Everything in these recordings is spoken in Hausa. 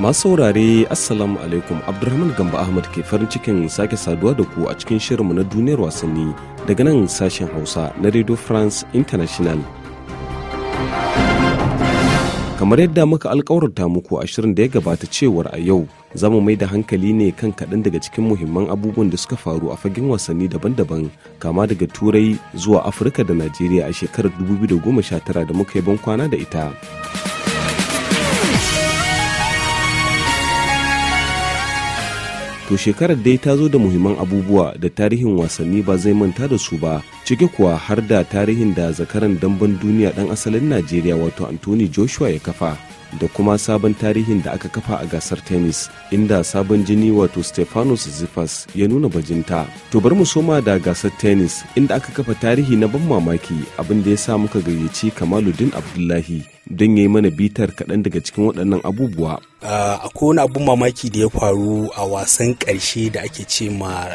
masu saurare assalamu alaikum abdulrahman gamba ahmad ke farin cikin sake saduwa da ku a cikin shirinmu na duniyar wasanni daga nan sashen hausa na radio france international kamar yadda muka alkawarta muku a shirin da ya gabata cewar a yau za mu mai da hankali ne kan kaɗan daga cikin muhimman abubuwan da suka faru a fagen wasanni daban-daban kama daga turai zuwa afirka da najeriya a shekarar 2019 da muka yi ban kwana da ita to shekarar dai ta zo da muhimman abubuwa da tarihin wasanni ba zai manta da su ba ciki kuwa har da tarihin da zakaran damben duniya dan asalin najeriya wato anthony joshua ya kafa da kuma sabon tarihin da aka kafa a gasar tennis inda sabon jini wato stefanos zifas ya nuna bajinta to bari mu soma da gasar tennis inda aka kafa tarihi na ban mamaki abin da ya sa muka gayyaci kamaluddin abdullahi don ya yi mana bitar kaɗan daga cikin waɗannan abubuwa akwai wani abun mamaki da ya faru a wasan ƙarshe da ake ce ma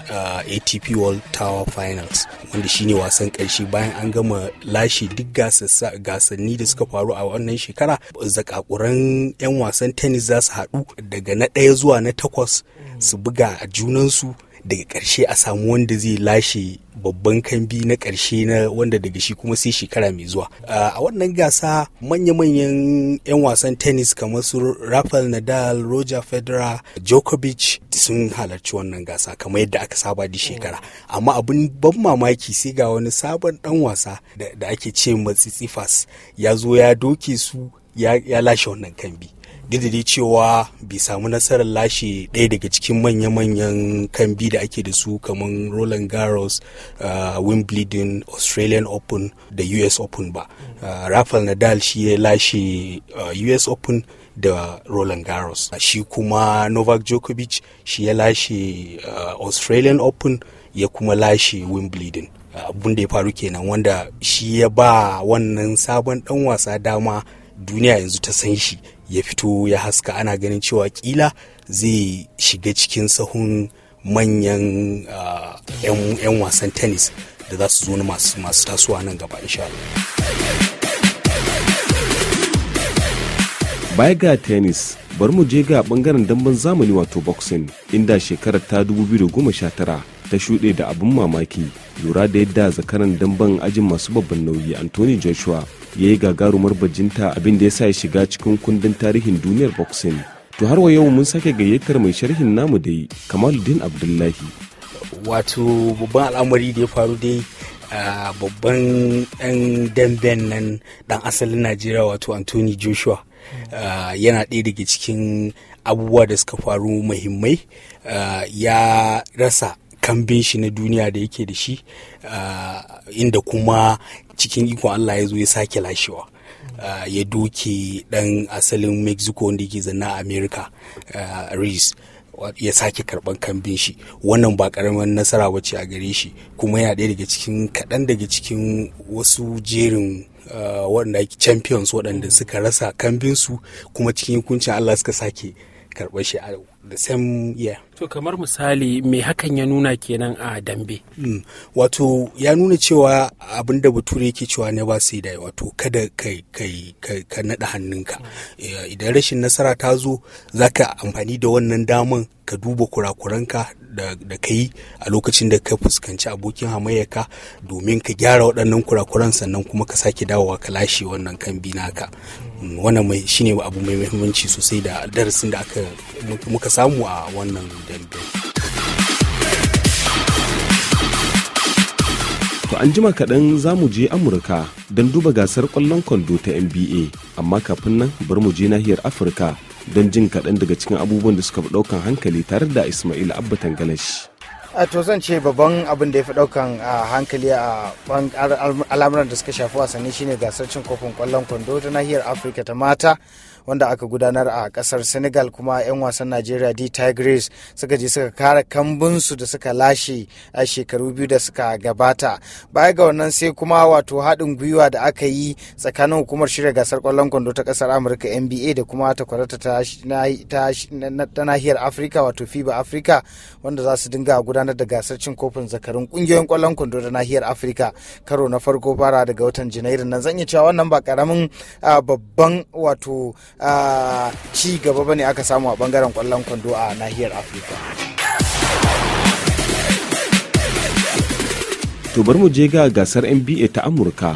ATP World Tower Finals wanda shine wasan ƙarshe bayan an gama lashe duk gasanni da suka faru a wannan shekara zakakuran 'yan wasan tennis za su haɗu daga na ɗaya zuwa na takwas su buga a junansu daga ƙarshe a samu wanda zai lashe babban kambi na karshe na wanda daga shi kuma sai shekara mai zuwa a wannan gasa manya-manyan 'yan wasan tennis kamar su rafael nadal roger federer djokovic sun halarci wannan gasa kamar yadda aka saba da shekara amma abin ban mamaki sai ga wani sabon dan wasa da ake ce matsitsifas ya zo ya doke su ya lashe wannan kambi didiri cewa bai samu nasarar lashe ɗaya daga cikin manya-manyan kambi da ake da su kamar roland garros uh, wimbledon australian open da us open ba uh, rafael nadal shi ya lashe uh, us open da roland garros uh, shi kuma novak djokovic shi ya lashe uh, australian open ya kuma lashe wimbledon uh, abun da ya faru kenan wanda shi ya ba wannan sabon dan wasa dama duniya yanzu ta san shi ya fito ya haska ana ganin cewa kila zai shiga cikin sahun manyan ah, 'yan wasan tennis da za su zo na masu tasowa nan gaba insha Baya ga tennis, bari mu je ga bangaren damben zamani wato boxing, inda shekarar ta 2019 ta shuɗe da abin mamaki lura da yadda zakaran damben ajin masu babban nauyi anthony joshua ya yi gagarumar bajinta abin da ya sa ya shiga cikin kundin tarihin duniyar boxing to har wa yau mun sake gayyatar mai sharhin namu dai kamaluddin abdullahi wato babban al'amari da ya faru dai babban dan damben nan dan asalin najeriya wato anthony joshua yana ɗaya daga cikin abubuwa da suka faru muhimmai ya rasa kambin shi na duniya da yake da shi inda kuma cikin ikon Allah ya zo ya sake lashewa ya doke dan asalin mexico wanda yake zanna a america reese ya sake karban kambin shi wannan ba karamin nasara wacce a gare shi kuma yana ɗaya daga cikin kaɗan daga cikin wasu jerin waɗanda ake champions waɗanda suka rasa kambinsu kuma cikin hukuncin allah suka sake karɓar shi the same year to kamar misali me hakan ya nuna kenan a dambe mm. wato ya nuna cewa abin da bature yake cewa ne ba sai da wato kada kai kai ka nada hannunka eh, idan rashin nasara ta zo za ka amfani da wannan daman ka duba kurakuranka da ka yi a lokacin da ka fuskanci abokin hamayyaka domin ka gyara waɗannan kurakuran sannan kuma ka sake dawowa ka lashe wannan kambi naka mm, wannan mai shine abu mai muhimmanci sosai da darasin da aka muka samu a wannan dambe. To an jima kaɗan za mu je Amurka don duba gasar ƙwallon kwando ta NBA, amma kafin nan bar mu je nahiyar Afirka don jin kaɗan daga cikin abubuwan da suka fi ɗaukan hankali tare da Ismail Abba Tangalash. a to zan ce babban abin da ya fi ɗaukan hankali a al'amuran da suka shafi wasanni shine gasar cin kofin ƙwallon kwando ta nahiyar afirka ta mata wanda aka gudanar a kasar senegal kuma 'yan wasan najeriya d tigris suka je suka kara kambunsu da suka lashe a shekaru biyu da suka gabata baya ga wannan sai kuma wato haɗin gwiwa da aka yi tsakanin hukumar shirya gasar kwallon kwando ta kasar amurka nba da kuma ta takwarata ta nahiyar afirka wato fiba afirka wanda za su dinga gudanar da gasar cin kofin zakarun kungiyoyin kwallon kwando da nahiyar afirka karo na farko fara daga watan janairun nan zan iya cewa wannan ba karamin babban wato ci gaba bane aka samu a bangaren kwallon kwando a nahiyar afirka to bar mu je ga gasar nba ta amurka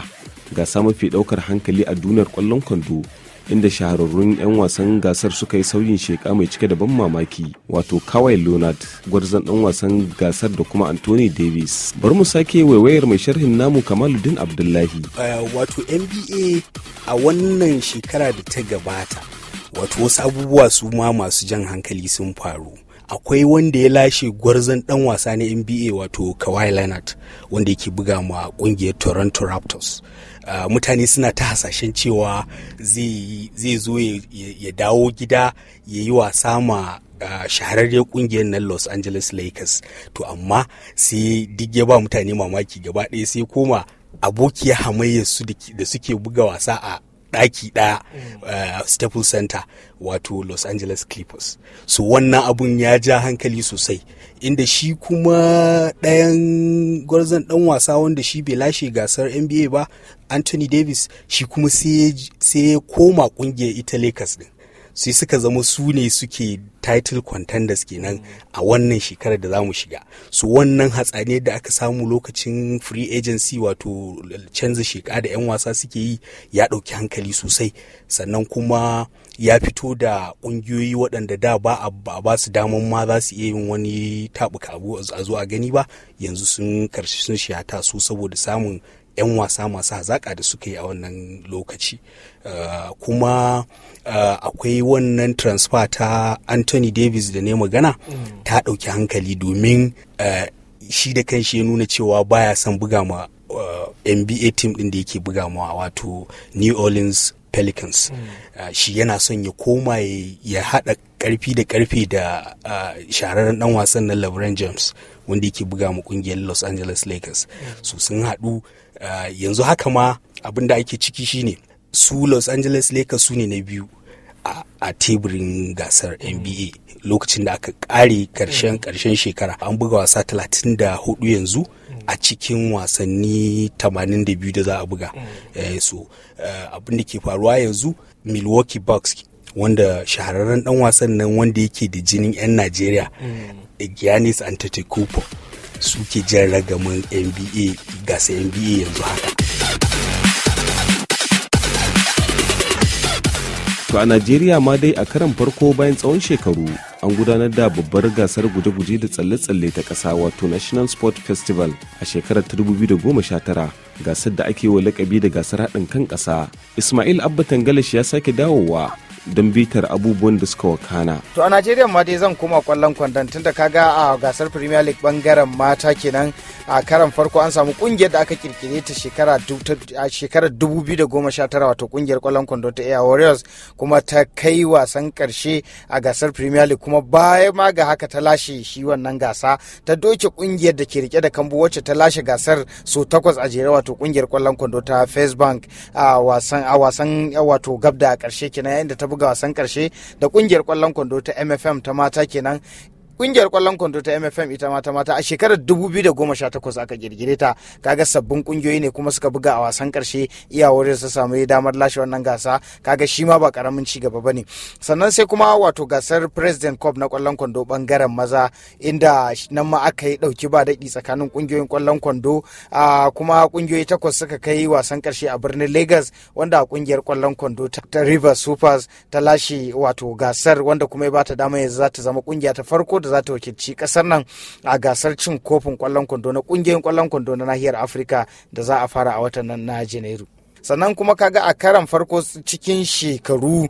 gasa mafi daukar hankali a duniyar kwallon kwando inda shahararrun 'yan wasan gasar suka yi sauyin sheka mai cike da ban mamaki wato kawai leonard gwarzon dan wasan gasar da kuma anthony davis bari mu sake waiwayar mai sharhin namu kamaluddin abdullahi uh, wato nba a wannan shekara da ta gabata wato wasu abubuwa su ma masu jan hankali sun faru akwai wanda ya lashe gwarzon dan wasa na nba wato kawhi leonard wanda yake buga ma kungiyar toronto raptors uh, mutane suna ta hasashen cewa zai zo ya dawo gida ya yi wasa ma Uh, shahararren kungiyar na los angeles lakers to amma sai duk ya ba mutane mamaki gaba ɗaya sai koma abokiyar hamayyar su da suke buga wasa a ɗaki ɗaya uh, eh, staple center wato los angeles clippers so wannan abun ya ja hankali sosai inda shi kuma ɗayan gwarzon ɗan wasa wanda shi bai lashe gasar nba ba anthony davis shi kuma sai ya koma ƙungiyar ita lakers din sai suka zama su ne suke title contenders kenan a wannan shekarar da za mu shiga su wannan hatsaniyar da aka samu lokacin free agency wato canza shekara da 'yan wasa suke yi ya ɗauki hankali sosai sannan kuma ya fito da ƙungiyoyi waɗanda da ba a ba su daman ma za su iya yin wani taɓuka abu a zo a gani ba yanzu sun karshe sun ta su saboda samun 'yan wasa masu hazaƙa da suka yi a wannan lokaci ah, kuma ah, akwai wannan transfer ta anthony davis da ne magana mm. ta ɗauki hankali domin ah, shi da kan shi ya nuna cewa baya son buga ma Uh, nba team ɗin da yake buga ma wato new orleans pelicans hmm. uh, shi yana son ya koma ya haɗa ƙarfi da ƙarfi da uh, shahararren ɗan wasan na lebron james wanda yake buga mu ƙungiyar los angeles lakers hmm. so sun haɗu yanzu haka ma abin da ake ciki shine su los angeles lakers su ne na biyu a teburin gasar hmm. nba lokacin da aka kare karshen karshen shekara an buga wasa 34 yanzu a cikin wasanni 82 da za a buga mm. eh, so eh, abin da ke faruwa yanzu milwaukee bucks wanda shahararren dan wasan nan wanda yake da jinin 'yan najeriya mm. giannis antetokounmpo suke jan ragaman nba gasa nba yanzu haka to a najeriya ma dai a karan farko bayan tsawon shekaru an gudanar da babbar gasar guje-guje da tsalle-tsalle ta ƙasa wato national sport festival a shekarar 2019 gasar da ake wa lakabi da gasar haɗin kan ƙasa ismail abba tangalish ya sake dawowa don bitar abubuwan da suka wakana. To a Najeriya ma dai zan koma kwallon kwandon tun da kaga a gasar Premier League bangaren mata kenan a karan farko an samu kungiyar da aka kirkire ta shekara shekarar 2019 wato kungiyar kwallon kwandon ta Air Warriors kuma ta kai wasan karshe a gasar Premier League kuma baya ma ga haka ta lashe shi wannan gasa ta doke kungiyar da ke rike da kambu wacce ta lashe gasar so takwas a jere wato kungiyar kwallon kwando ta First Bank a wasan a wasan wato gabda a karshe kenan yayin ta buga buga wasan karshe da kungiyar kwallon kwando ta MFM ta mata kenan kungiyar kwallon kwando ta MFM ita mata mata a shekarar 2018 aka girgire ta kaga sabbin kungiyoyi ne kuma suka buga a wasan karshe iya wurin su samu damar lashe wannan gasa kaga shi ma ba karamin ci gaba bane sannan sai kuma wato gasar President Cup na kwallon kwando bangaren maza inda nan ma aka yi dauki ba daki tsakanin kungiyoyin kwallon kwando kuma kungiyoyi takwas suka kai wasan karshe a birnin Lagos wanda kungiyar kwallon kwando ta River Supers ta lashe wato gasar wanda kuma ya bata dama yanzu za ta zama kungiya ta farko da wadda za ta wakilci kasar nan a gasar cin kofin kwallon kwando na kungiyoyin kwallon kwando na nahiyar afirka da za a fara a watan nan na janairu sannan kuma kaga a karan farko cikin shekaru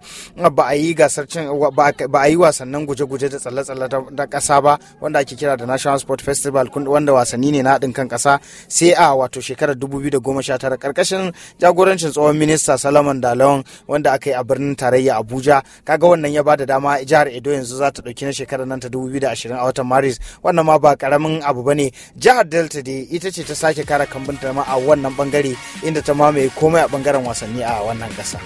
ba a yi gasar cin ba a yi wasannin guje-guje da tsalle-tsalle da kasa ba wanda ake kira da National Sport Festival wanda wasanni ne na haɗin kan kasa sai a wato shekarar 2019 karkashin jagorancin tsohon minista salaman Dalon wanda aka yi a birnin tarayya Abuja kaga wannan ya ba da dama jihar Edo yanzu za ta ɗauki na shekarar nan ta 2020 a watan Maris wannan ma ba karamin abu bane jihar Delta dai ita ce ta sake kara kambin ma a wannan bangare inda ta mamaye komai komai a bangaren wasanni a wannan ƙasa.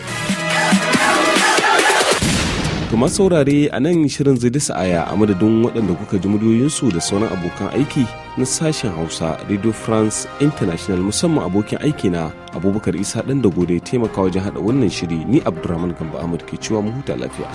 Kuma saurare a nan shirin zai dasa aya a madadin waɗanda kuka ji muryoyinsu da sauran abokan aiki na sashen Hausa Radio France International musamman abokin aiki na Abubakar Isa ɗan da gode taimaka wajen haɗa wannan shiri ni Abdulrahman Gamba Ahmad ke cewa mu huta lafiya.